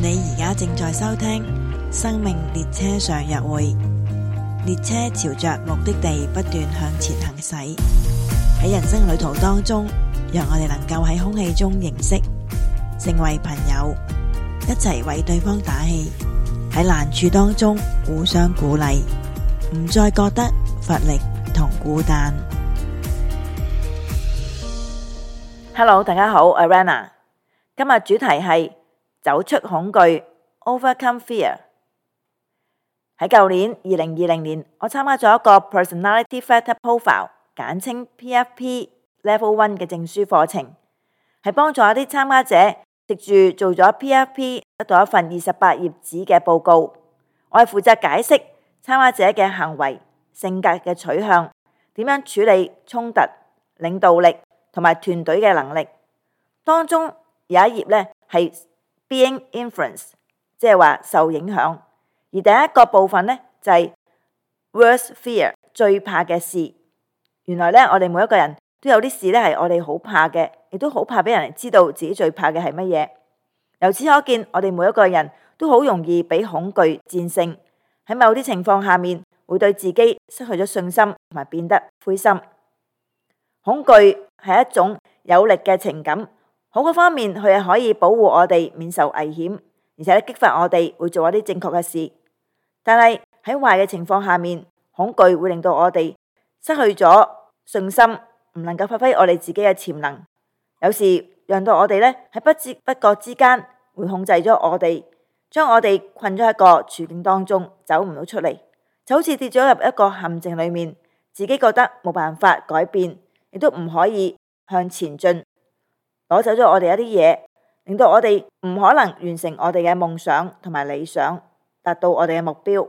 你而家正在收聽《生命列車上約會》，列車朝着目的地不斷向前行駛。喺人生旅途當中，讓我哋能夠喺空氣中認識，成為朋友，一齊為對方打氣。喺難處當中互相鼓勵，唔再覺得乏力同孤單。Hello，大家好，我係 Rana，今日主題係，走出恐懼，overcome fear。喺舊年二零二零年，我參加咗一個 Personality Factor Profile，簡稱 PFP Level One 嘅證書課程，係幫助一啲參加者藉住做咗 PFP，得到一份二十八頁紙嘅報告。我係負責解釋參加者嘅行為、性格嘅取向、點樣處理衝突、領導力同埋團隊嘅能力。當中有一頁呢係。being influenced 即係話受影響。而第一個部分呢，就係、是、worst fear，最怕嘅事。原來呢，我哋每一個人都有啲事呢，係我哋好怕嘅，亦都好怕俾人知道自己最怕嘅係乜嘢。由此可見，我哋每一個人都好容易俾恐懼戰勝。喺某啲情況下面，會對自己失去咗信心，同埋變得灰心。恐懼係一種有力嘅情感。好嘅方面，佢係可以保護我哋免受危險，而且激發我哋會做一啲正確嘅事。但係喺壞嘅情況下面，恐懼會令到我哋失去咗信心，唔能夠發揮我哋自己嘅潛能。有時讓到我哋呢喺不知不覺之間，會控制咗我哋，將我哋困咗喺個處境當中，走唔到出嚟，就好似跌咗入一個陷阱裏面，自己覺得冇辦法改變，亦都唔可以向前進。攞走咗我哋一啲嘢，令到我哋唔可能完成我哋嘅夢想同埋理想，達到我哋嘅目標。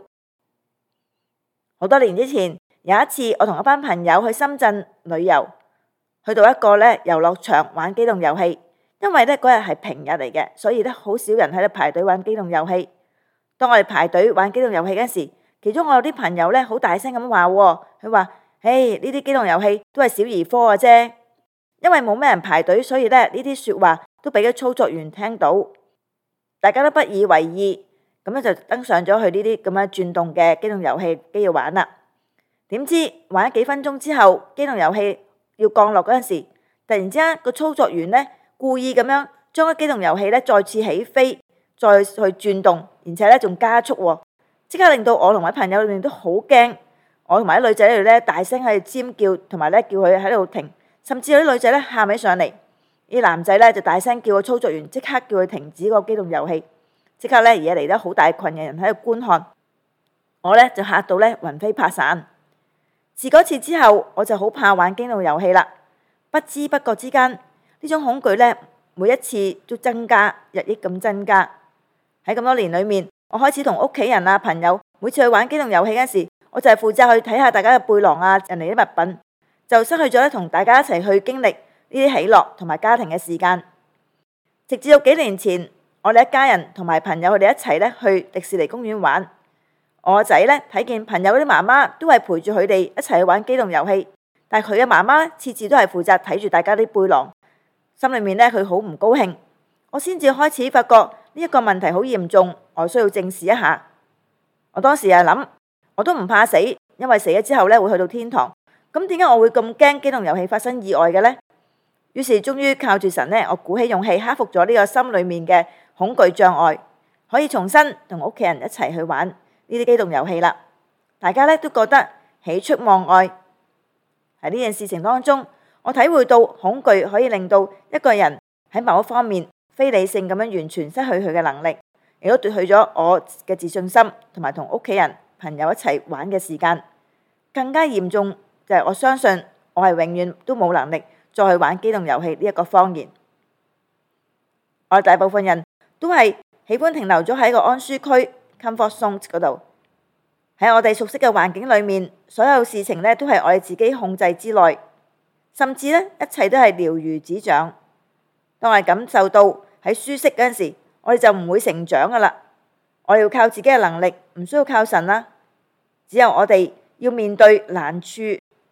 好多年之前，有一次我同一班朋友去深圳旅遊，去到一個呢遊樂場玩機動遊戲。因為呢嗰日係平日嚟嘅，所以呢好少人喺度排隊玩機動遊戲。當我哋排隊玩機動遊戲嗰陣時，其中我有啲朋友呢好大聲咁話喎，佢話：唉，呢啲機動遊戲都係小兒科嘅啫。因為冇咩人排隊，所以呢呢啲說話都俾啲操作員聽到，大家都不以為意，咁呢就登上咗去呢啲咁樣轉動嘅機動遊戲機要玩啦。點知玩咗幾分鐘之後，機動遊戲要降落嗰陣時，突然之間個操作員呢故意咁樣將個機動遊戲呢再次起飛，再去轉動，而且呢仲加速喎，即刻令到我同埋朋友裏面都好驚，我同埋啲女仔喺度呢大聲喺度尖叫，同埋呢叫佢喺度停。甚至有啲女仔咧喊起上嚟，啲男仔咧就大聲叫個操作員即刻叫佢停止個機動遊戲，即刻咧引嚟得好大群嘅人喺度觀看，我咧就吓到咧魂飛魄散。自嗰次之後，我就好怕玩機動遊戲啦。不知不覺之間，呢種恐懼咧每一次都增加，日益咁增加。喺咁多年裏面，我開始同屋企人啊、朋友每次去玩機動遊戲嗰陣時，我就係負責去睇下大家嘅背囊啊、人哋啲物品。就失去咗同大家一齊去經歷呢啲喜樂同埋家庭嘅時間。直至到幾年前，我哋一家人同埋朋友佢哋一齊呢去迪士尼公園玩。我仔呢睇見朋友嗰啲媽媽都係陪住佢哋一齊去玩機動遊戲，但係佢嘅媽媽次次都係負責睇住大家啲背囊，心裏面呢，佢好唔高興。我先至開始發覺呢一個問題好嚴重，我需要正視一下。我當時啊諗，我都唔怕死，因為死咗之後呢會去到天堂。咁點解我會咁驚機動遊戲發生意外嘅呢？於是終於靠住神呢，我鼓起勇氣克服咗呢個心裏面嘅恐懼障礙，可以重新同屋企人一齊去玩呢啲機動遊戲啦。大家呢都覺得喜出望外。喺呢件事情當中，我體會到恐懼可以令到一個人喺某一方面非理性咁樣完全失去佢嘅能力，亦都奪去咗我嘅自信心和和，同埋同屋企人朋友一齊玩嘅時間，更加嚴重。就係我相信，我係永遠都冇能力再去玩機動遊戲呢一個謊言。我哋大部分人都係喜歡停留咗喺個安舒區 comfort zone 嗰度，喺我哋熟悉嘅環境裏面，所有事情呢都係我哋自己控制之內，甚至呢一切都係了如指掌。當我哋感受到喺舒適嗰陣時，我哋就唔會成長噶啦。我哋要靠自己嘅能力，唔需要靠神啦。只有我哋要面對難處，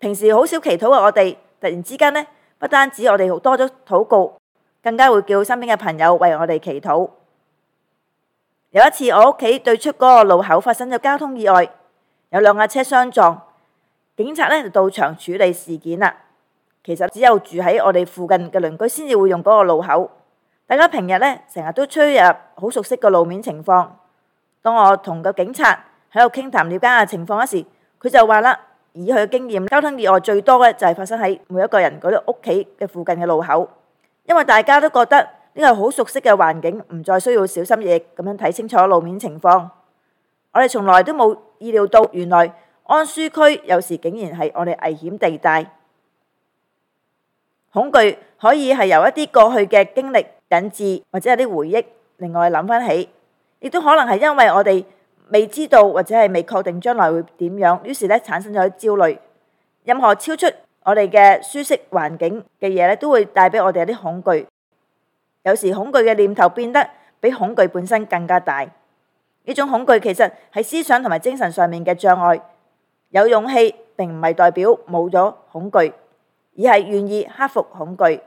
平時好少祈禱嘅我哋，突然之間呢，不單止我哋多咗禱告，更加會叫身邊嘅朋友為我哋祈禱。有一次，我屋企對出嗰個路口發生咗交通意外，有兩架車相撞，警察呢就到場處理事件啦。其實只有住喺我哋附近嘅鄰居先至會用嗰個路口，大家平日呢，成日都出入好熟悉嘅路面情況。當我同個警察喺度傾談了解下情況嗰時，佢就話啦。以佢嘅經驗，交通意外最多嘅就係發生喺每一個人嗰啲屋企嘅附近嘅路口，因為大家都覺得呢個好熟悉嘅環境，唔再需要小心翼翼咁樣睇清楚路面情況。我哋從來都冇意料到，原來安舒區有時竟然係我哋危險地帶。恐懼可以係由一啲過去嘅經歷引致，或者有啲回憶令我哋諗翻起，亦都可能係因為我哋未知道或者係未確定將來會點樣，於是咧產生咗焦慮。任何超出我哋嘅舒適環境嘅嘢咧，都會帶俾我哋一啲恐懼。有時恐懼嘅念頭變得比恐懼本身更加大。呢種恐懼其實係思想同埋精神上面嘅障礙。有勇氣並唔係代表冇咗恐懼，而係願意克服恐懼。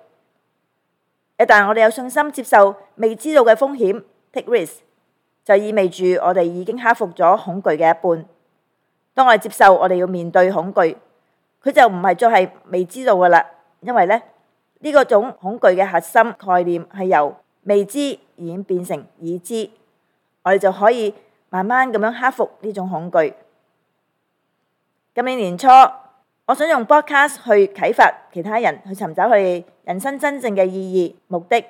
一旦我哋有信心接受未知道嘅風險，take risk。就意味住我哋已經克服咗恐懼嘅一半。當我哋接受，我哋要面對恐懼，佢就唔係再係未知道㗎喇。因為呢，呢、這個種恐懼嘅核心概念係由未知演變成已知，我哋就可以慢慢咁樣克服呢種恐懼。今年年初，我想用 Podcast 去啟發其他人去尋找佢人生真正嘅意義、目的，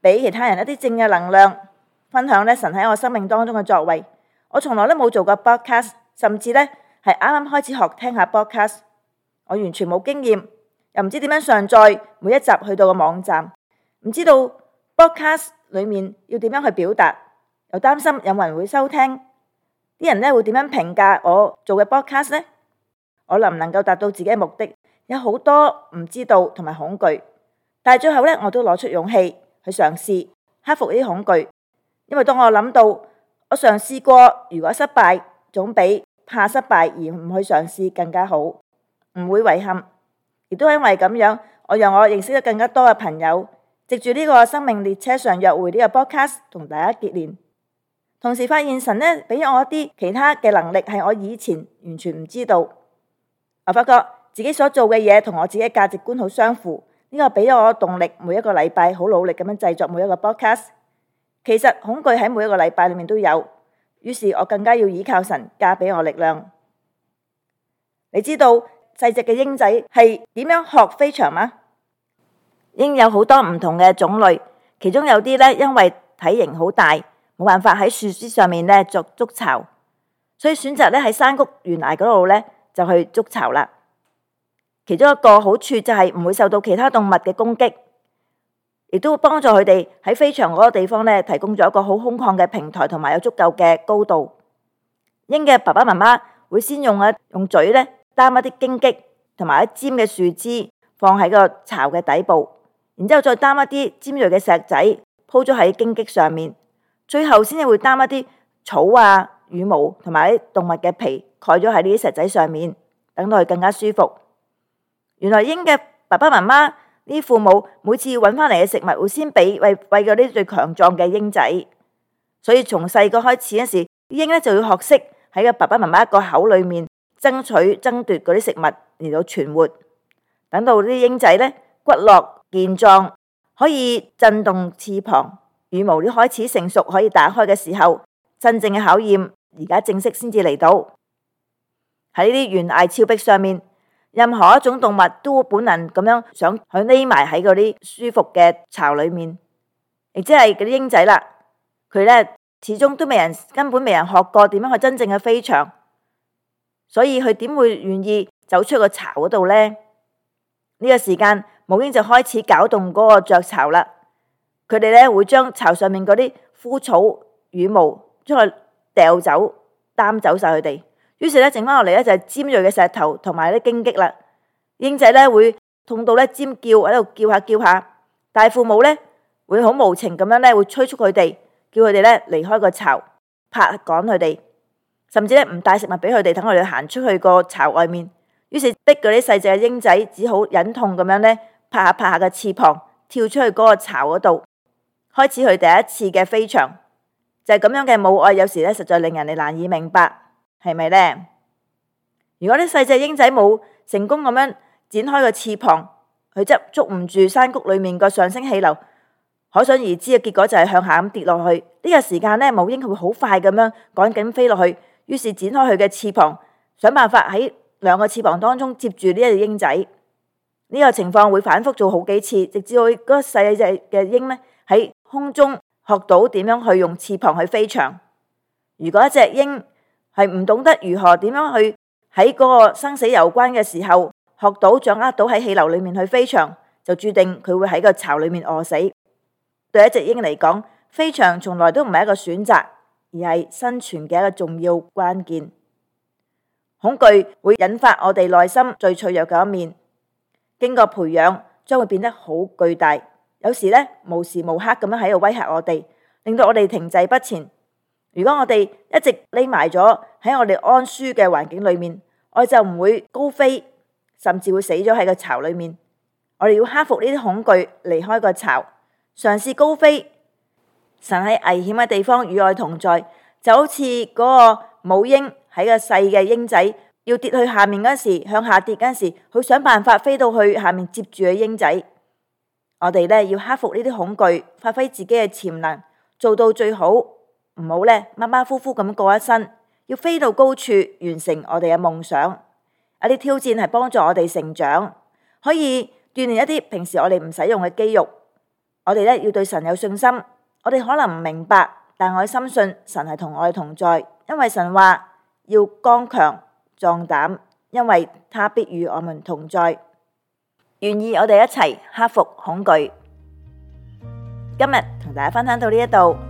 俾其他人一啲正嘅能量。分享咧，神喺我生命當中嘅作為，我從來都冇做過 Podcast 甚至咧係啱啱開始學聽下 Podcast 我完全冇經驗，又唔知點樣上載每一集去到個網站，唔知道 Podcast 裏面要點樣去表達，又擔心有冇人會收聽，啲人咧會點樣評價我做嘅 Podcast 咧，我能唔能夠達到自己嘅目的，有好多唔知道同埋恐懼，但係最後咧我都攞出勇氣去嘗試，克服呢啲恐懼。因為當我諗到，我嘗試過，如果失敗，總比怕失敗而唔去嘗試更加好，唔會遺憾。亦都係因為咁樣，我讓我認識咗更加多嘅朋友，藉住呢個生命列車上約會呢個 Podcast 同大家結連，同時發現神呢俾咗我啲其他嘅能力，係我以前完全唔知道。我發覺自己所做嘅嘢同我自己價值觀好相符，呢個俾咗我動力，每一個禮拜好努力咁樣製作每一個 Podcast。其實恐懼喺每一個禮拜裏面都有，於是我更加要倚靠神，加俾我力量。你知道細隻嘅鷹仔係點樣學飛翔嗎？鷹有好多唔同嘅種類，其中有啲呢因為體型好大，冇辦法喺樹枝上面呢做築巢，所以選擇呢喺山谷懸崖嗰度呢就去築巢啦。其中一個好處就係唔會受到其他動物嘅攻擊。亦都幫助佢哋喺飛翔嗰個地方咧，提供咗一個好空曠嘅平台，同埋有足夠嘅高度。鷹嘅爸爸媽媽會先用啊用嘴咧，擔一啲荊棘，同埋一尖嘅樹枝放喺個巢嘅底部，然之後再擔一啲尖銳嘅石仔鋪咗喺荊棘上面，最後先至會擔一啲草啊、羽毛同埋啲動物嘅皮蓋咗喺呢啲石仔上面，等到佢更加舒服。原來鷹嘅爸爸媽媽。啲父母每次要揾翻嚟嘅食物會先俾餵餵啲最強壯嘅鷹仔，所以從細個開始嗰時啲鷹咧就要學識喺個爸爸媽媽一個口裏面爭取爭奪嗰啲食物嚟到存活。等到啲鷹仔咧骨骼健壯，可以震動翅膀，羽毛啲開始成熟可以打開嘅時候，真正嘅考驗而家正式先至嚟到喺呢啲懸崖峭壁上面。任何一種動物都本能咁樣想匿埋喺嗰啲舒服嘅巢裏面，亦即係嗰啲鷹仔啦，佢呢始終都未人根本未人學過點樣去真正嘅飛翔，所以佢點會願意走出個巢嗰度呢？呢個時間母鷹就開始攪動嗰個雀巢啦，佢哋呢會將巢上面嗰啲枯草羽毛將佢掉走擔走晒佢哋。於是咧，剩翻落嚟，咧就係尖銳嘅石頭同埋啲荊棘啦。鷹仔咧會痛到咧尖叫，喺度叫下叫下。但係父母咧會好無情咁樣咧，會催促佢哋，叫佢哋咧離開個巢，拍趕佢哋，甚至咧唔帶食物俾佢哋，等佢哋行出去個巢外面。於是逼嗰啲細隻嘅鷹仔只好忍痛咁樣咧拍下拍下嘅翅膀跳出去嗰個巢嗰度，開始佢第一次嘅飛翔。就係咁樣嘅母愛，有時咧實在令人哋難以明白。係咪呢？如果啲細隻鷹仔冇成功咁樣展開個翅膀，佢執捉唔住山谷裏面個上升氣流，可想而知嘅結果就係向下咁跌落去。呢個時間呢，母鷹佢會好快咁樣趕緊飛落去，於是展開佢嘅翅膀，想辦法喺兩個翅膀當中接住呢隻鷹仔。呢個情況會反復做好幾次，直至去嗰細隻嘅鷹呢喺空中學到點樣去用翅膀去飛翔。如果一隻鷹，係唔懂得如何點樣去喺嗰個生死攸關嘅時候，學到掌握到喺氣流裏面去飛翔，就注定佢會喺個巢裏面餓死。對一隻鷹嚟講，飛翔從來都唔係一個選擇，而係生存嘅一個重要關鍵。恐懼會引發我哋內心最脆弱嘅一面，經過培養將會變得好巨大，有時呢，無時無刻咁樣喺度威嚇我哋，令到我哋停滯不前。如果我哋一直匿埋咗喺我哋安舒嘅環境裏面，我就唔會高飛，甚至會死咗喺個巢裏面。我哋要克服呢啲恐懼，離開個巢，嘗試高飛。神喺危險嘅地方與愛同在，就好似嗰個母鷹喺個細嘅鷹仔要跌去下面嗰時，向下跌嗰時，佢想辦法飛到去下面接住個鷹仔。我哋呢，要克服呢啲恐懼，發揮自己嘅潛能，做到最好。唔好咧，馬馬虎虎咁過一生，要飛到高處完成我哋嘅夢想。有啲挑戰係幫助我哋成長，可以鍛煉一啲平時我哋唔使用嘅肌肉。我哋咧要對神有信心。我哋可能唔明白，但我深信神係同我哋同在，因為神話要剛強壯膽，因為他必與我們同在。願意我哋一齊克服恐懼。今日同大家分享到呢一度。